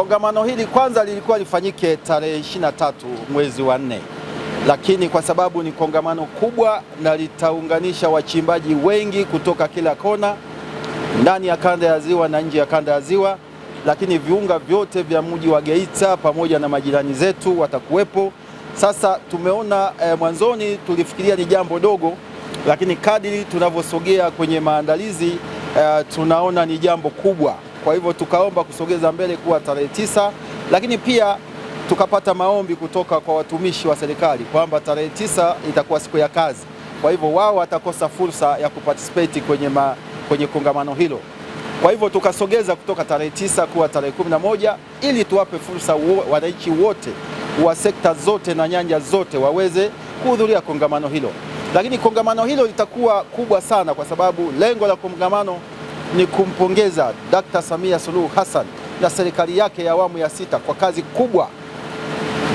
Kongamano hili kwanza lilikuwa lifanyike tarehe 23 mwezi wa nne, lakini kwa sababu ni kongamano kubwa na litaunganisha wachimbaji wengi kutoka kila kona ndani ya kanda ya ziwa na nje ya kanda ya ziwa, lakini viunga vyote vya mji wa Geita pamoja na majirani zetu watakuwepo. Sasa tumeona eh, mwanzoni tulifikiria ni jambo dogo, lakini kadiri tunavyosogea kwenye maandalizi eh, tunaona ni jambo kubwa. Kwa hivyo tukaomba kusogeza mbele kuwa tarehe tisa, lakini pia tukapata maombi kutoka kwa watumishi wa serikali kwamba tarehe tisa itakuwa siku ya kazi, kwa hivyo wao watakosa fursa ya kuparticipate kwenye, ma, kwenye kongamano hilo. Kwa hivyo tukasogeza kutoka tarehe tisa kuwa tarehe kumi na moja ili tuwape fursa wananchi wote wa sekta zote na nyanja zote waweze kuhudhuria kongamano hilo, lakini kongamano hilo litakuwa kubwa sana kwa sababu lengo la kongamano ni kumpongeza Dkt. Samia Suluhu Hassan na serikali yake ya awamu ya sita kwa kazi kubwa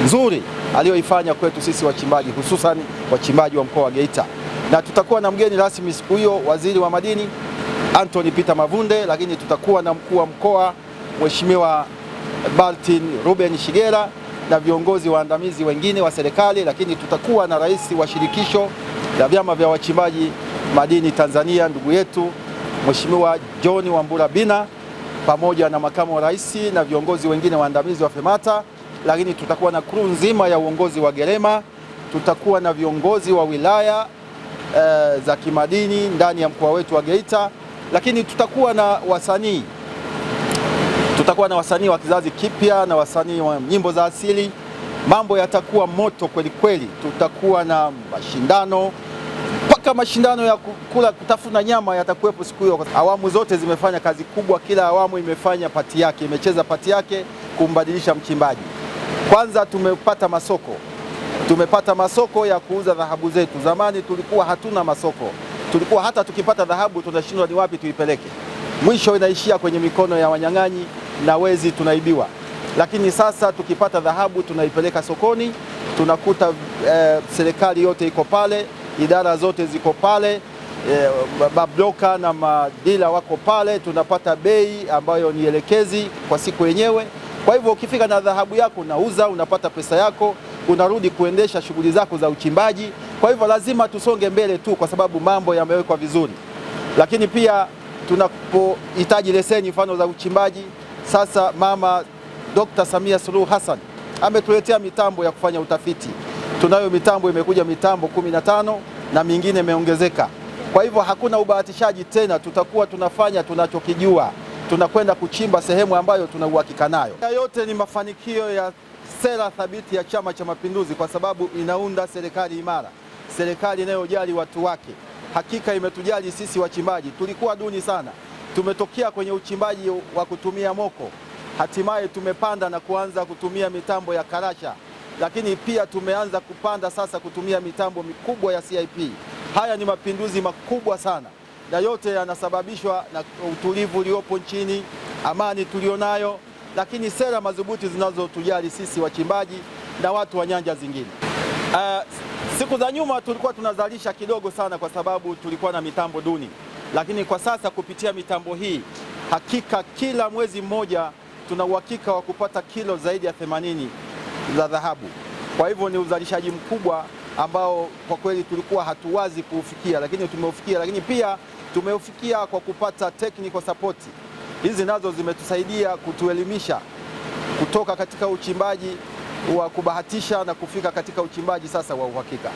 nzuri aliyoifanya kwetu sisi wachimbaji, hususan wachimbaji wa mkoa wa Geita, na tutakuwa na mgeni rasmi siku hiyo, waziri wa madini Anthony Peter Mavunde, lakini tutakuwa na mkuu wa mkoa Mheshimiwa Baltin Ruben Shigera na viongozi waandamizi wengine wa serikali, lakini tutakuwa na rais wa shirikisho la vyama vya wachimbaji madini Tanzania, ndugu yetu Mheshimiwa John Wambura Bina pamoja na makamu wa rais na viongozi wengine waandamizi wa FEMATA, lakini tutakuwa na kuru nzima ya uongozi wa Gerema, tutakuwa na viongozi wa wilaya e, za kimadini ndani ya mkoa wetu wa Geita, lakini tutakuwa na wasanii tutakuwa na wasanii wa kizazi kipya na wasanii wa nyimbo za asili. Mambo yatakuwa moto kweli kweli, tutakuwa na mashindano Hakika mashindano ya kula kutafuna nyama yatakuwepo siku hiyo. Awamu zote zimefanya kazi kubwa, kila awamu imefanya pati yake, imecheza pati yake kumbadilisha mchimbaji. Kwanza tumepata masoko, tumepata masoko ya kuuza dhahabu zetu. Zamani tulikuwa hatuna masoko, tulikuwa hata tukipata dhahabu tunashindwa ni wapi tuipeleke, mwisho inaishia kwenye mikono ya wanyang'anyi na wezi, tunaibiwa. Lakini sasa tukipata dhahabu tunaipeleka sokoni, tunakuta eh, serikali yote iko pale idara zote ziko pale e, eh, mabroka na madila wako pale, tunapata bei ambayo ni elekezi kwa siku yenyewe. Kwa hivyo ukifika na dhahabu yako unauza, unapata pesa yako, unarudi kuendesha shughuli zako za uchimbaji. Kwa hivyo lazima tusonge mbele tu, kwa sababu mambo yamewekwa vizuri, lakini pia tunapohitaji leseni mfano za uchimbaji. Sasa mama Dr. Samia Suluhu Hassan ametuletea mitambo ya kufanya utafiti tunayo mitambo imekuja mitambo kumi na tano na mingine imeongezeka. Kwa hivyo hakuna ubahatishaji tena, tutakuwa tunafanya tunachokijua, tunakwenda kuchimba sehemu ambayo tuna uhakika nayo. Haya yote ni mafanikio ya sera thabiti ya Chama cha Mapinduzi kwa sababu inaunda serikali imara, serikali inayojali watu wake. Hakika imetujali sisi wachimbaji, tulikuwa duni sana, tumetokea kwenye uchimbaji wa kutumia moko, hatimaye tumepanda na kuanza kutumia mitambo ya karasha lakini pia tumeanza kupanda sasa kutumia mitambo mikubwa ya CIP. Haya ni mapinduzi makubwa sana, na yote yanasababishwa na utulivu uliopo nchini, amani tulionayo, lakini sera madhubuti zinazotujali sisi wachimbaji na watu wa nyanja zingine. Uh, siku za nyuma tulikuwa tunazalisha kidogo sana kwa sababu tulikuwa na mitambo duni, lakini kwa sasa kupitia mitambo hii hakika kila mwezi mmoja tuna uhakika wa kupata kilo zaidi ya 80 za dhahabu. Kwa hivyo ni uzalishaji mkubwa ambao kwa kweli tulikuwa hatuwazi kuufikia, lakini tumeufikia. Lakini pia tumeufikia kwa kupata technical support. Hizi nazo zimetusaidia kutuelimisha kutoka katika uchimbaji wa kubahatisha na kufika katika uchimbaji sasa wa uhakika.